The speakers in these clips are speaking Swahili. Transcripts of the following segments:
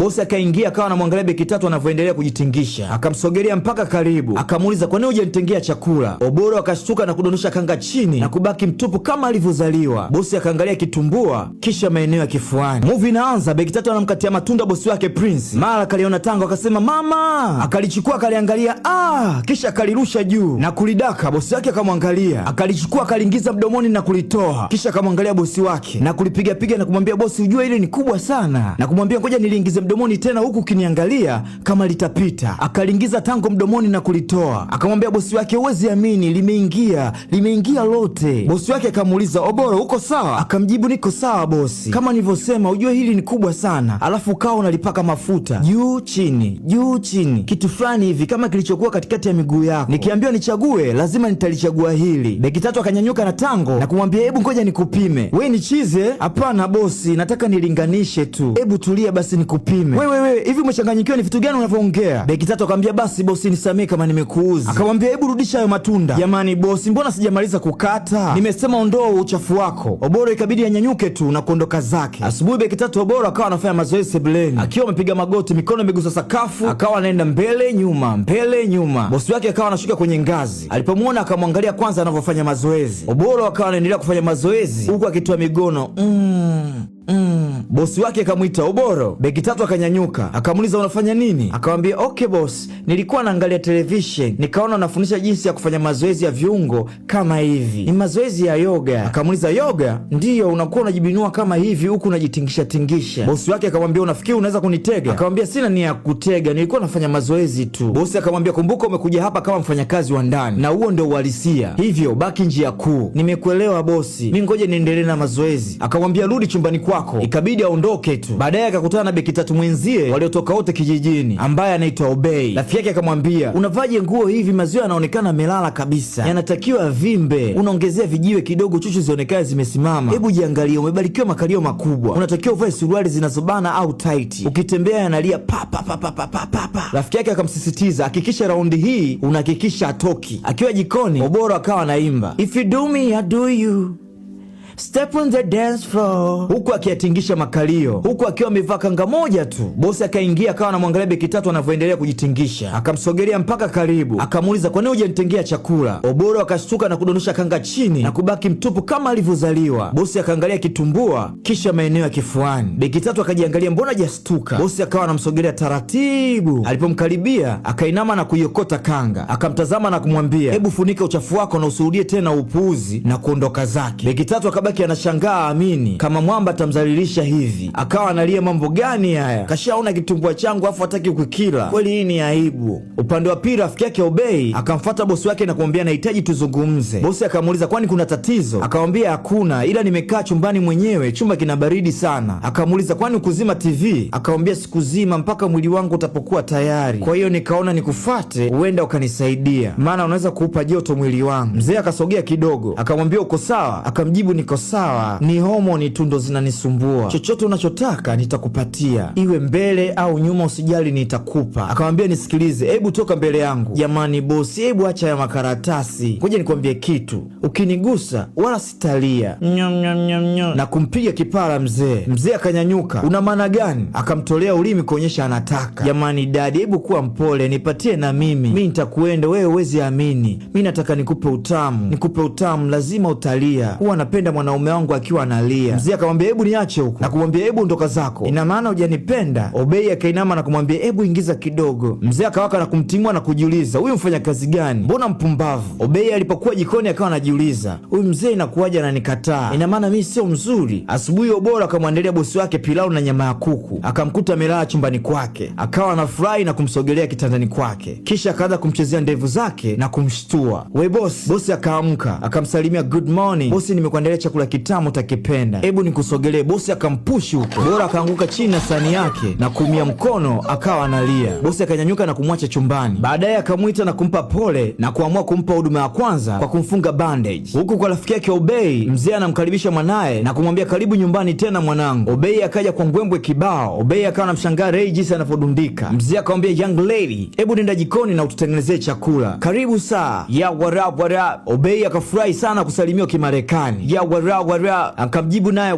Bosi akaingia akawa anamwangalia beki tatu anavyoendelea kujitingisha, akamsogelea mpaka karibu, akamuuliza kwa nini hujanitengea chakula? Oboro akashtuka na kudondosha kanga chini na kubaki mtupu kama alivyozaliwa. Bosi akaangalia kitumbua, kisha maeneo ya kifuani. Muvi inaanza, beki tatu anamkatia matunda bosi wake Prince. Mara akaliona tango akasema mama, akalichukua akaliangalia, ah, kisha akalirusha juu na kulidaka. Bosi wake akamwangalia, akalichukua akaliingiza mdomoni na kulitoa, kisha akamwangalia bosi wake na kulipigapiga na kumwambia bosi, ujue ile ni kubwa sana, na kumwambia ngoja niliingize mdomoni tena huku ukiniangalia kama litapita. Akaliingiza tango mdomoni na kulitoa, akamwambia bosi wake, huwezi amini, limeingia, limeingia lote. Bosi wake akamuuliza, Oboro, uko sawa? Akamjibu, niko sawa bosi, kama nilivyosema, ujue hili ni kubwa sana, alafu ukawa unalipaka mafuta juu chini, juu chini, kitu fulani hivi kama kilichokuwa katikati ya miguu yako. Nikiambiwa nichague lazima nitalichagua hili. Beki tatu akanyanyuka na tango na kumwambia, hebu ngoja nikupime. We chize? Hapana bosi, nataka nilinganishe tu. Hebu tulia basi nikupime mwingine. Wewe wewe, hivi umechanganyikiwa, ni vitu gani unavyoongea? Beki tatu akamwambia basi bosi nisamee kama nimekuuza. Akamwambia hebu rudisha hayo matunda. Jamani bosi, mbona sijamaliza kukata? Nimesema ondoa uchafu wako. Oboro ikabidi anyanyuke tu na kuondoka zake. Asubuhi beki tatu Oboro akawa anafanya mazoezi sebuleni akiwa amepiga magoti, mikono imegusa sakafu, akawa anaenda mbele nyuma, mbele nyuma. Bosi wake akawa anashuka kwenye ngazi, alipomwona akamwangalia kwanza anavyofanya mazoezi. Oboro akawa anaendelea kufanya mazoezi huku akitoa migono mm, mm bosi wake akamwita Oboro. Beki tatu akanyanyuka akamuuliza unafanya nini? Akamwambia okay boss, nilikuwa naangalia television nikaona unafundisha jinsi ya kufanya mazoezi ya viungo kama hivi, ni mazoezi ya yoga. Akamuuliza yoga? Ndiyo, unakuwa unajibinua kama hivi huku unajitingisha tingisha. Bosi wake akamwambia unafikiri unaweza kunitega? Akamwambia sina nia ya kutega, nilikuwa nafanya mazoezi tu. Bosi akamwambia kumbuka, umekuja hapa kama mfanyakazi wa ndani na huo ndio uhalisia, hivyo baki njia kuu. Nimekuelewa bosi, mi ngoja niendelee na mazoezi. Akamwambia rudi chumbani kwako. Ikabidi ikabidi aondoke tu. Baadaye akakutana na beki tatu mwenzie waliotoka wote kijijini, ambaye anaitwa Obei. Rafiki yake akamwambia, unavaje nguo hivi? Maziwa yanaonekana amelala kabisa, yanatakiwa vimbe, unaongezea vijiwe kidogo, chuchu zionekane zimesimama. Hebu jiangalie, umebarikiwa makalio makubwa, unatakiwa uvae suruali zinazobana au taiti, ukitembea yanalia papapapapapapa. Rafiki yake akamsisitiza, hakikisha raundi hii unahakikisha atoki. Akiwa jikoni, Oboro akawa anaimba If you do me, I do you step on the dance floor, huku akiyatingisha makalio, huku akiwa amevaa kanga moja tu. Bosi akaingia akawa anamwangalia beki tatu anavyoendelea kujitingisha, akamsogelea mpaka karibu, akamuuliza kwa nini hujanitengea chakula? Oboro akashtuka na kudondosha kanga chini na kubaki mtupu kama alivyozaliwa. Bosi akaangalia kitumbua, kisha maeneo ya kifuani. Beki tatu akajiangalia, mbona hajastuka? Bosi akawa anamsogelea taratibu, alipomkaribia akainama na kuiokota kanga, akamtazama na kumwambia, hebu funika uchafu wako na usurudie tena upuuzi, na kuondoka zake. Beki tatu akabaki akabaki anashangaa amini kama mwamba tamzalilisha hivi, akawa analia mambo gani haya, kashaona kitumbua changu afu hataki kukila kweli, hii ni aibu. Upande wa pili rafiki yake Obei akamfata bosi wake na kumwambia nahitaji tuzungumze. Bosi akamuuliza kwani kuna tatizo? Akamwambia hakuna, ila nimekaa chumbani mwenyewe, chumba kina baridi sana. Akamuuliza kwani ukuzima TV? Akamwambia sikuzima mpaka mwili wangu utapokuwa tayari, kwa hiyo nikaona nikufate, huenda ukanisaidia, maana unaweza kuupa joto mwili wangu. Mzee akasogea kidogo, akamwambia uko sawa? Akamjibu niko sawa, ni homoni tu ndo zinanisumbua. Chochote unachotaka nitakupatia, iwe mbele au nyuma, usijali, nitakupa. Akamwambia nisikilize, hebu toka mbele yangu. Jamani bosi, hebu acha ya makaratasi, ngoja nikwambie kitu, ukinigusa wala sitalia. Nyom, nyom, nyom, nyom. na kumpiga kipara mzee. Mzee akanyanyuka, una maana gani? Akamtolea ulimi kuonyesha anataka. Jamani dadi, hebu kuwa mpole, nipatie na mimi, mi nitakuenda wewe, huwezi amini, mi nataka nikupe utamu, nikupe utamu, lazima utalia. Huwa anapenda mwanaume wangu akiwa analia. Mzee akamwambia hebu niache huku na kumwambia hebu ndoka zako, ina maana hujanipenda? Obei akainama na kumwambia hebu ingiza kidogo. Mzee akawaka na kumtimua na kujiuliza, huyu mfanya kazi gani? Mbona mpumbavu? Obei alipokuwa jikoni akawa anajiuliza, huyu mzee inakuwaje ananikataa? Ina maana mimi sio mzuri. Asubuhi Obora akamwandalia bosi wake pilau na nyama ya kuku, akamkuta amelala chumbani kwake, akawa anafurahi na kumsogelea kitandani kwake, kisha akaanza kumchezea ndevu zake na kumshtua, we bosi. Bosi akaamka akamsalimia good morning bosi, nimekuandalia chakula kitamu takipenda hebu nikusogelee. Bosi akampushi huko, Bora akaanguka chini na sani yake na kuumia mkono, akawa analia. Bosi akanyanyuka na kumwacha chumbani. Baadaye akamwita na kumpa pole na kuamua kumpa huduma ya kwanza kwa kumfunga bandage. Huku kwa rafiki yake Obei, mzee anamkaribisha mwanaye na kumwambia karibu nyumbani tena mwanangu. Obei akaja kwa ngwembwe kibao. Obei akawa anamshangaa Rei jinsi anavyodundika. Mzee akamwambia young lady, hebu nenda jikoni na ututengenezee chakula. Karibu saa ya warab warab. Obei akafurahi sana kusalimiwa Kimarekani ya Akamjibu naye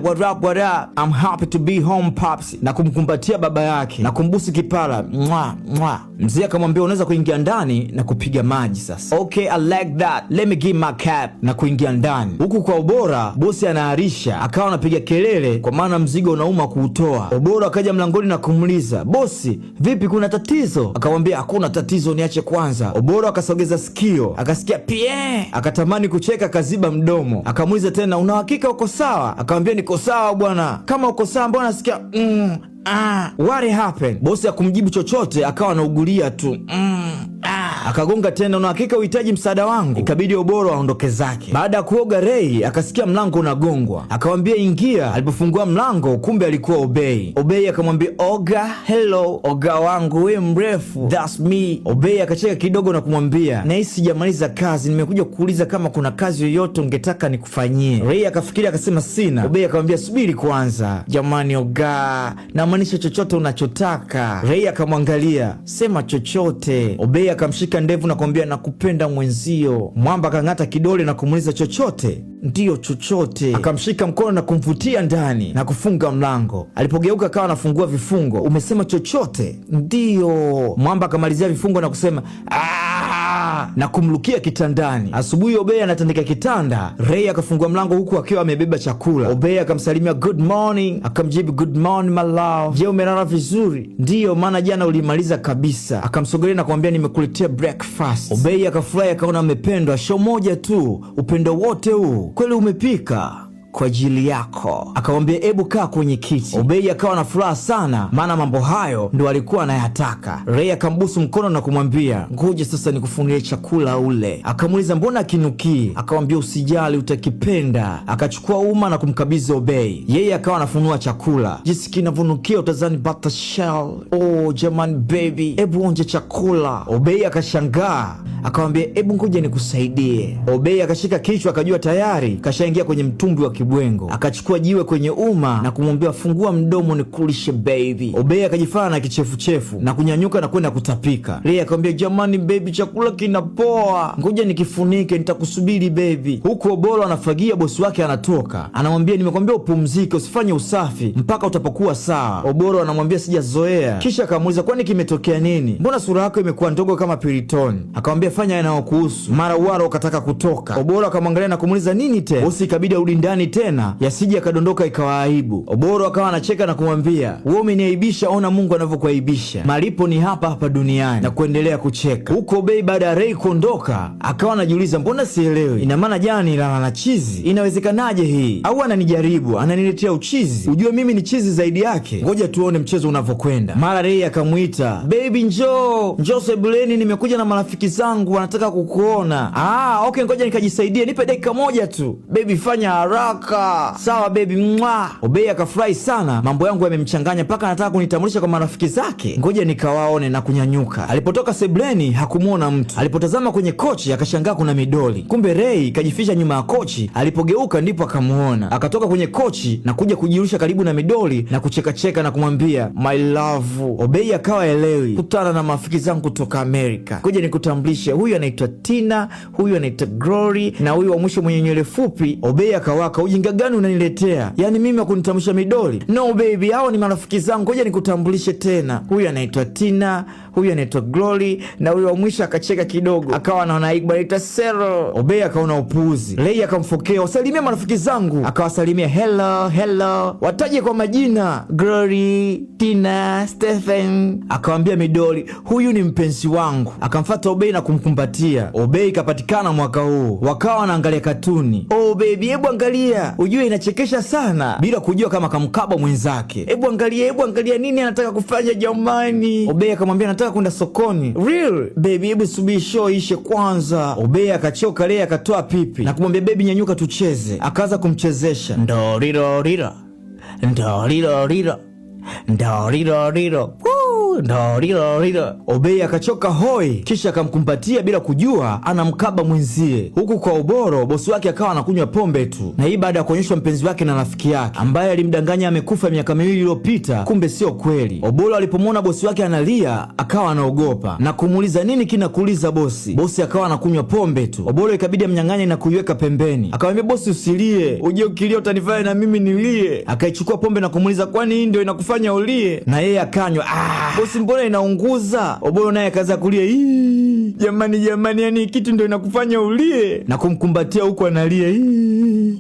I'm happy to be home pops, na kumkumbatia baba yake na kumbusu kipara mwa mwa. Mzee akamwambia unaweza kuingia ndani na kupiga maji sasa. Okay, I like that, let me give my cap, na kuingia ndani huku. Kwa ubora bosi anaharisha, akawa anapiga kelele kwa maana mzigo unauma kuutoa. Obora akaja mlangoni na kumuliza bosi, vipi, kuna tatizo? Akamwambia hakuna tatizo, niache kwanza. Obora akasogeza sikio, akasikia pie, akatamani kucheka, akaziba mdomo, akamuliza tena una una hakika uko sawa? Akamwambia niko sawa bwana. Kama uko sawa, mbona nasikia mm, ah, what happened? Bosi akumjibu chochote, akawa anaugulia tu mm, ah. Akagonga tena, una hakika uhitaji msaada wangu? Ikabidi Oboro aondoke zake. Baada ya kuoga, Rei akasikia mlango unagongwa, akawambia ingia. Alipofungua mlango, kumbe alikuwa Obei. Obei akamwambia oga, hello oga wangu, we mrefu, that's me. Obei akacheka kidogo na kumwambia, nahisi sijamaliza kazi, nimekuja kuuliza kama kuna kazi yoyote ungetaka nikufanyie. Rei akafikiri akasema sina. Obei akamwambia subiri kwanza, jamani oga, namaanisha chochote unachotaka. Rei akamwangalia, sema chochote. Obei akamshika Alishika ndevu na kumwambia nakupenda mwenzio. Mwamba akang'ata kidole na kumuuliza chochote, ndiyo chochote. Akamshika mkono na kumvutia ndani na kufunga mlango. Alipogeuka akawa anafungua vifungo, umesema chochote? Ndiyo. Mwamba akamalizia vifungo na kusema Aaah! na kumlukia kitandani. Asubuhi Obey anatandika kitanda, Rei akafungua mlango huku akiwa amebeba chakula. Obey akamsalimia good morning, akamjibu good morning my love, je, umelala vizuri? Ndiyo, maana jana ulimaliza kabisa. Akamsogelea na kumwambia nimekuletea breakfast. Obei akafurahi akaona amependwa, show moja tu, upendo wote huu kweli umepika kwa ajili yako. Akamwambia, ebu kaa kwenye kiti. Obei akawa na furaha sana, maana mambo hayo ndo alikuwa anayataka. Rei akambusu mkono na kumwambia, ngoja sasa nikufungulie chakula ule. Akamuuliza, mbona akinukii? Akamwambia, usijali, utakipenda. Akachukua uma na kumkabidhi Obei, yeye akawa anafunua chakula. Jinsi kinavyonukia utazani batashell. Oh jamani, baby, ebu onje chakula. Obei akashangaa, akamwambia, ebu ngoja nikusaidie. Obei akashika kichwa, akajua tayari kashaingia kwenye mtumbi wa kibwengo, akachukua jiwe kwenye uma na kumwambia fungua mdomo nikulishe baby. Obei na kichefuchefu na kunyanyuka na kwenda kutapika. rei akamwambia jamani, baby chakula kinapoa, ngoja nikifunike, nitakusubiri baby. Huku Obolo anafagia, bosi wake anatoka anamwambia, nimekwambia upumzike, usifanye usafi mpaka utapokuwa sawa. Obolo anamwambia sijazoea, kisha akamuuliza kwani kimetokea nini, mbona sura yako imekuwa ndogo kama piritoni? Akamwambia fanya yanayokuhusu. Mara Uwaro ukataka kutoka, Obolo akamwangalia na kumuuliza nini tena. Bosi ikabidi arudi ndani tena yasije yakadondoka ikawa aibu. Oboro akawa anacheka na kumwambia wewe umeniaibisha, ona Mungu anavyokuaibisha, malipo ni hapa hapa duniani, na kuendelea kucheka huko. Bei baada ya Rei kuondoka akawa anajiuliza, mbona sielewi, ina maana jani lala na chizi, inawezekanaje hii? Au ananijaribu, ananiletea uchizi, ujue mimi ni chizi zaidi yake. Ngoja tuone mchezo unavyokwenda. Mara Rei akamwita, bebi, njoo njoo sebuleni, nimekuja na marafiki zangu wanataka kukuona. Ah, okay, ngoja nikajisaidia, nipe dakika moja tu bebi, fanya haraka mwaka. Sawa bebi, mwa Obei akafurahi sana, mambo yangu yamemchanganya mpaka anataka kunitambulisha kwa marafiki zake, ngoja nikawaone na kunyanyuka. Alipotoka sebleni hakumwona mtu, alipotazama kwenye kochi akashangaa kuna midoli, kumbe Rei kajificha nyuma ya kochi. Alipogeuka ndipo akamwona, akatoka kwenye kochi na kuja kujirusha karibu na midoli na kuchekacheka na kumwambia my love. Obei akawa elewi, kutana na marafiki zangu kutoka Amerika, ngoja nikutambulishe, huyu anaitwa Tina, huyu anaitwa Glory na huyu wa mwisho mwenye nywele fupi. Obei akawaka ujinga gani unaniletea? Yaani mimi wakunitambulisha midoli? No baby, hao ni marafiki zangu, ngoja nikutambulishe tena. Huyu anaitwa Tina, huyu anaitwa Glory na huyu wa mwisho akacheka kidogo, akawa anaona aibu, anaitwa Sero. Obei akaona upuuzi. Lei akamfokea, wasalimia marafiki zangu, akawasalimia hello, hello, wataje kwa majina, Glory, Tina, Stephen. Akawambia midoli, huyu ni mpenzi wangu. Akamfata Obei na kumkumbatia. Obei ikapatikana mwaka huu, wakawa wanaangalia katuni. Oh baby, hebu angalia anaongea ujue inachekesha sana, bila kujua kama kamkaba mwenzake. Hebu angalia, hebu angalia nini anataka kufanya jamani. Obey akamwambia anataka kwenda sokoni. Real baby, hebu subiri show ishe kwanza. Obey akachoka, Lea akatoa pipi na kumwambia baby, nyanyuka tucheze. Akaanza kumchezesha ndo lilo lilo, ndo lilo lilo, ndo lilo lilo ndalila Obei akachoka hoi, kisha akamkumbatia bila kujua anamkaba mwenzie, huku kwa uboro bosi wake akawa anakunywa pombe tu, na hii baada ya kuonyeshwa mpenzi wake na rafiki yake ambaye alimdanganya amekufa miaka miwili iliyopita, kumbe sio kweli. Oboro alipomwona bosi wake analia akawa anaogopa na kumuuliza nini kinakuuliza bosi. Bosi akawa anakunywa pombe tu, Oboro ikabidi amnyang'anye na kuiweka pembeni, akamwambia bosi, usilie, uje ukilia utanifanya na mimi nilie. Akaichukua pombe na kumuuliza kwani hii ndio inakufanya ulie? Na yeye akanywa ah! bosi, mbona inaunguza? Obolo naye akaza kulia Jamani, jamani, yani kitu ndio inakufanya ulie na kumkumbatia huko, analia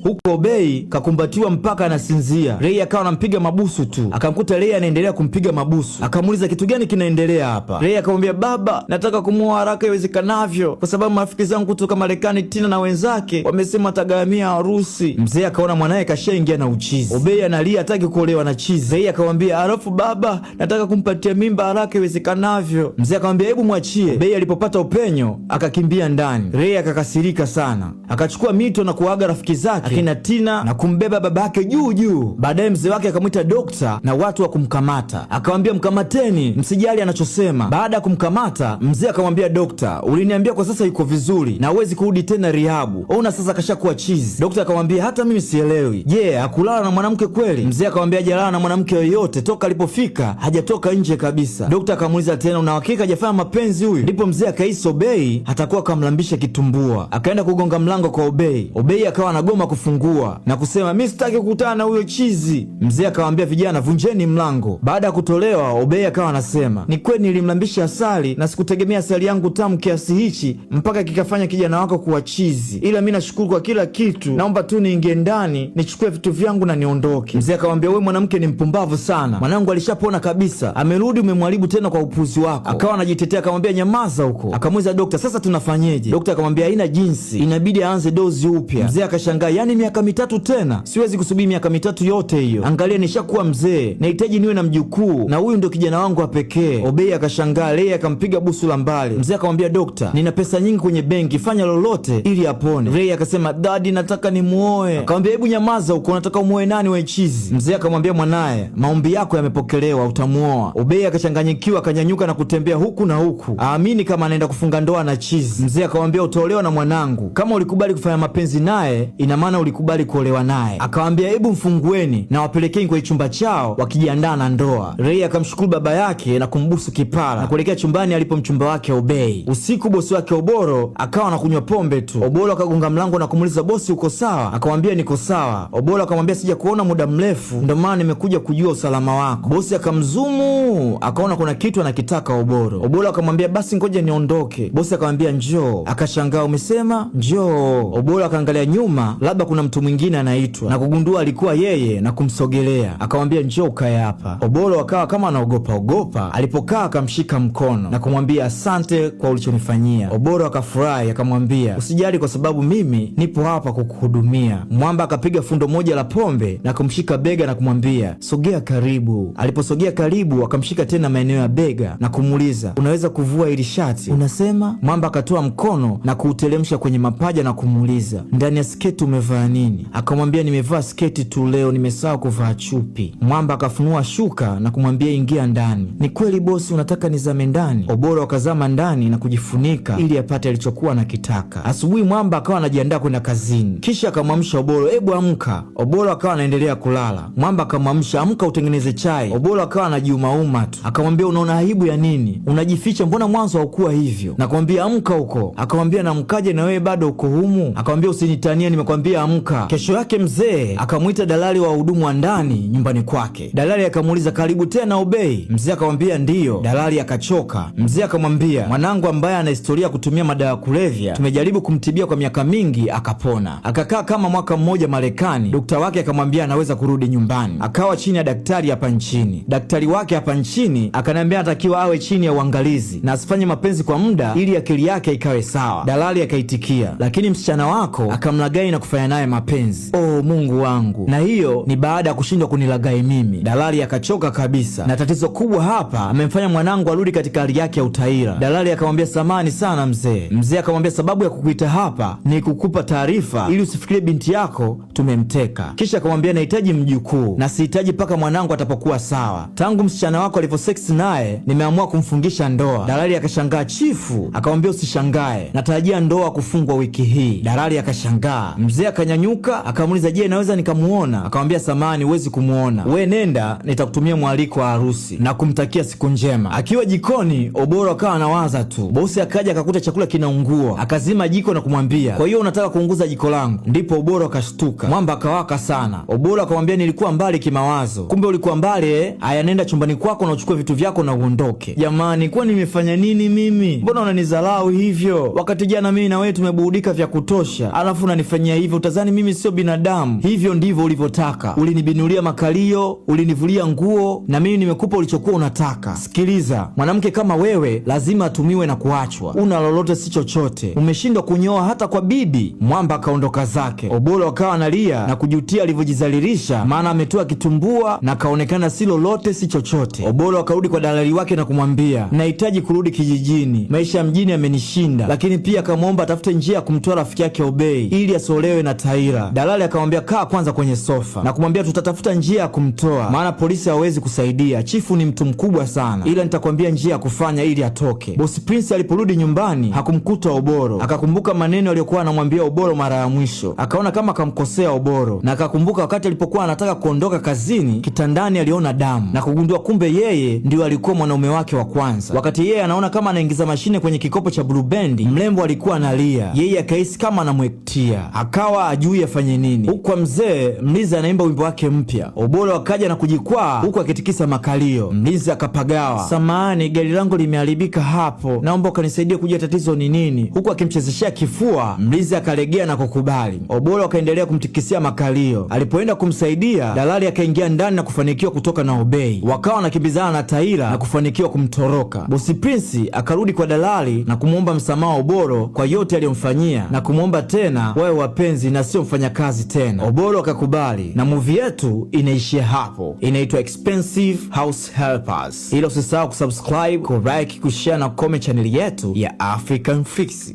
huko. Bei kakumbatiwa mpaka anasinzia. Rei akawa anampiga mabusu tu, akamkuta Rei anaendelea kumpiga mabusu, akamuuliza kitu gani kinaendelea hapa. Rei akamwambia, baba, nataka kumuoa haraka iwezekanavyo, kwa sababu marafiki zangu kutoka Marekani, Tina na wenzake, wamesema atagharamia harusi. Mzee akaona mwanaye kashaingia na uchizi. Obei analia, hataki kuolewa na chizi. Rei akamwambia, alafu baba, nataka kumpatia mimba haraka iwezekanavyo. Mzee akamwambia, hebu mwachie. Obei alipopata upenyo akakimbia ndani. Rei akakasirika sana, akachukua mito na kuaga rafiki zake akina Tina na kumbeba babake juu juu. Baadaye mzee wake akamwita dokta na watu wa kumkamata, akawambia mkamateni, msijali anachosema. Baada ya kumkamata mzee akamwambia dokta, uliniambia kwa sasa yuko vizuri na huwezi kurudi tena rihabu, ona sasa kashakuwa chizi. Dokta akamwambia hata mimi sielewi, je, yeah, akulala na mwanamke kweli? Mzee akamwambia hajalala na mwanamke yoyote toka alipofika hajatoka nje kabisa. Dokta akamuuliza tena, una hakika hajafanya mapenzi huyu? Ndipo mzee Rais Obei atakuwa kamlambisha kitumbua. Akaenda kugonga mlango kwa Obei. Obei akawa anagoma kufungua na kusema mi sitaki kukutana na huyo chizi. Mzee akawambia vijana, vunjeni mlango. Baada ya kutolewa, Obei akawa anasema ni kweli nilimlambisha asali na sikutegemea asali yangu tamu kiasi hichi mpaka kikafanya kijana wako kuwa chizi, ila mi nashukuru kwa kila kitu. Naomba tu niingie ndani nichukue vitu vyangu na niondoke. Mzee akamwambia we mwanamke ni mpumbavu sana, mwanangu alishapona kabisa, amerudi umemwharibu tena kwa upuzi wako. Akawa anajitetea akamwambia, nyamaza huko akamweza dokta, sasa tunafanyeje? Dokta akamwambia haina jinsi, inabidi aanze dozi upya. Mzee akashangaa, yani miaka mitatu tena? Siwezi kusubiri miaka mitatu yote hiyo, angalia nishakuwa mzee, nahitaji niwe na mjukuu, na huyu ndio kijana wangu wa pekee. Obei akashangaa, Lei akampiga busu la mbali. Mzee akamwambia dokta, nina pesa nyingi kwenye benki, fanya lolote ili apone. Lei akasema, dadi, nataka nimuoe. Akamwambia, hebu nyamaza huko, nataka umuoe nani we chizi? Mzee akamwambia, mwanaye, maombi yako yamepokelewa, utamuoa. Obei akachanganyikiwa, akanyanyuka na kutembea huku na huku, aamini kama anaenda kufunga ndoa na Chizi. Mzee akamwambia utaolewa na mwanangu, kama ulikubali kufanya mapenzi naye ina maana ulikubali kuolewa naye. akawambia hebu mfungueni na wapelekeni kwenye chumba chao wakijiandaa na ndoa. Rei akamshukuru baba yake na kumbusu kipara na kuelekea chumbani alipo mchumba wake Obei. Usiku bosi wake Oboro akawa anakunywa pombe tu. Oboro akagonga mlango na kumuuliza bosi, uko sawa? Akamwambia niko sawa. Oboro akamwambia sija kuona muda mrefu, ndo maana nimekuja kujua usalama wako. Bosi akamzumu akaona kuna kitu anakitaka Oboro. Oboro akamwambia basi ngoja niondoke aondoke. Bosi akamwambia njoo, akashangaa umesema njoo. Obolo akaangalia nyuma, labda kuna mtu mwingine anaitwa, na kugundua alikuwa yeye na kumsogelea, akamwambia njoo ukae hapa. Obolo akawa kama anaogopa ogopa, alipokaa akamshika mkono na kumwambia asante kwa ulichonifanyia. Obolo akafurahi, akamwambia usijali, kwa sababu mimi nipo hapa kukuhudumia. Mwamba akapiga fundo moja la pombe na kumshika bega na kumwambia sogea karibu. Aliposogea karibu, akamshika tena maeneo ya bega na kumuuliza unaweza kuvua ili shati anasema mwamba akatoa mkono na kuuteremsha kwenye mapaja na kumuuliza, ndani ya sketi umevaa nini? Akamwambia, nimevaa sketi tu, leo nimesawa kuvaa chupi. Mwamba akafunua shuka na kumwambia, ingia ndani. Ni kweli bosi, unataka nizame ndani? Oboro wakazama ndani na kujifunika ili apate alichokuwa kitaka Asubuhi mwamba akawa anajiandaa kwenda kazini, kisha akamwamsha Oboro, ebu amka. Oboro akawa anaendelea kulala. Mwamba akamwamsha, amka utengeneze chai. Oboro akawa anajiumauma tu, akamwambia, unaona aibu ya nini? Unajificha, mbona mwanzo haukuwa hivi? hivyo, nakwambia amka huko. Akamwambia namkaje na wewe bado uko humu? Akamwambia usinitania, nimekwambia amka. Kesho yake mzee akamwita dalali wa wahudumu wa ndani nyumbani kwake. Dalali akamuuliza karibu tena Ubei? Mzee akamwambia ndiyo. Dalali akachoka. Mzee akamwambia mwanangu ambaye ana historia ya kutumia madawa ya kulevya tumejaribu kumtibia kwa miaka mingi akapona, akakaa kama mwaka mmoja Marekani. Dokta wake akamwambia anaweza kurudi nyumbani, akawa chini ya daktari hapa nchini. Daktari wake hapa nchini akaniambia anatakiwa awe chini ya uangalizi na asifanye mapenzi kwa muda ili akili yake ikawe sawa. Dalali akaitikia, lakini msichana wako akamlagai na kufanya naye mapenzi. Oh Mungu wangu! Na hiyo ni baada ya kushindwa kunilagai mimi. Dalali akachoka kabisa, na tatizo kubwa hapa, amemfanya mwanangu arudi katika hali yake ya utaira. Dalali akamwambia, samani sana mzee. Mzee akamwambia, sababu ya kukuita hapa ni kukupa taarifa ili usifikirie binti yako tumemteka. Kisha akamwambia, nahitaji mjukuu na sihitaji mpaka mwanangu atapokuwa sawa. Tangu msichana wako alivyoseksi naye, nimeamua kumfungisha ndoa. Dalali akashangaa chi Chifu akamwambia usishangae, natarajia ndoa kufungwa wiki hii. Dalali akashangaa. Mzee akanyanyuka akamuuliza, je, naweza nikamuona? Akamwambia samani, huwezi kumuona we, nenda nitakutumia mwaliko wa harusi na kumtakia siku njema. Akiwa jikoni, Oboro akawa anawaza tu. Bosi akaja akakuta chakula kinaungua, akazima jiko na kumwambia, kwa hiyo unataka kuunguza jiko langu? Ndipo Oboro akashtuka, mwamba akawaka sana. Oboro akamwambia, nilikuwa mbali kimawazo, kumbe ulikuwa mbali. Eh? Haya, nenda chumbani kwako na uchukue vitu vyako na uondoke. Jamani, kuwa nimefanya nini mimi? Mbona unanizalau hivyo, wakati jana mimi na wewe tumeburudika vya kutosha, alafu unanifanyia hivyo? Utazani mimi sio binadamu? Hivyo ndivyo ulivyotaka, ulinibinulia makalio, ulinivulia nguo, na mimi nimekupa ulichokuwa unataka. Sikiliza, mwanamke kama wewe lazima atumiwe na kuachwa. Una lolote si chochote, umeshindwa kunyoa hata kwa bibi. Mwamba akaondoka zake. Obolo akawa analia na kujutia alivyojizalilisha, maana ametoa kitumbua na kaonekana si lolote si chochote. Obolo akarudi kwa dalali wake na kumwambia, nahitaji kurudi kijijini mjini, maisha ya mjini yamenishinda. Lakini pia akamwomba atafute njia ya kumtoa rafiki yake Obei ili asolewe na Taira. Dalali akamwambia kaa kwanza kwenye sofa na kumwambia tutatafuta njia ya kumtoa, maana polisi hawezi kusaidia, chifu ni mtu mkubwa sana, ila nitakwambia njia ya kufanya ili atoke. Bosi Prince aliporudi nyumbani hakumkuta Oboro, akakumbuka maneno aliyokuwa anamwambia Oboro mara ya mwisho, akaona kama akamkosea Oboro na akakumbuka wakati alipokuwa anataka kuondoka kazini, kitandani aliona damu na kugundua kumbe yeye ndiyo alikuwa mwanaume wake wa kwanza, wakati yeye anaona kama anaingiza mashine kwenye kikopo cha Blue Band, mlembo alikuwa analia, yeye akahisi kama anamwektia, akawa ajui afanye nini, huku mzee mlinzi anaimba wimbo wake mpya. Obolo akaja na kujikwaa huku akitikisa makalio. Mlinzi akapagawa, samahani, gari langu limeharibika hapo, naomba ukanisaidia kujua tatizo ni nini, huku akimchezeshea kifua. Mlinzi akalegea na kukubali. Obolo akaendelea kumtikisia makalio. Alipoenda kumsaidia, dalali akaingia ndani na kufanikiwa kutoka na Obei, wakawa wanakimbizana na Taira na kufanikiwa kumtoroka. Bosi Prince akarudi kwa kwa dalali na kumwomba msamaha Oboro kwa yote aliyomfanyia na kumwomba tena wawe wapenzi na sio mfanyakazi tena. Oboro akakubali na muvi yetu inaishia hapo, inaitwa Expensive House Helpers. Ila usisahau kusubscribe, kulike, kushare na comment chaneli yetu ya African Fix.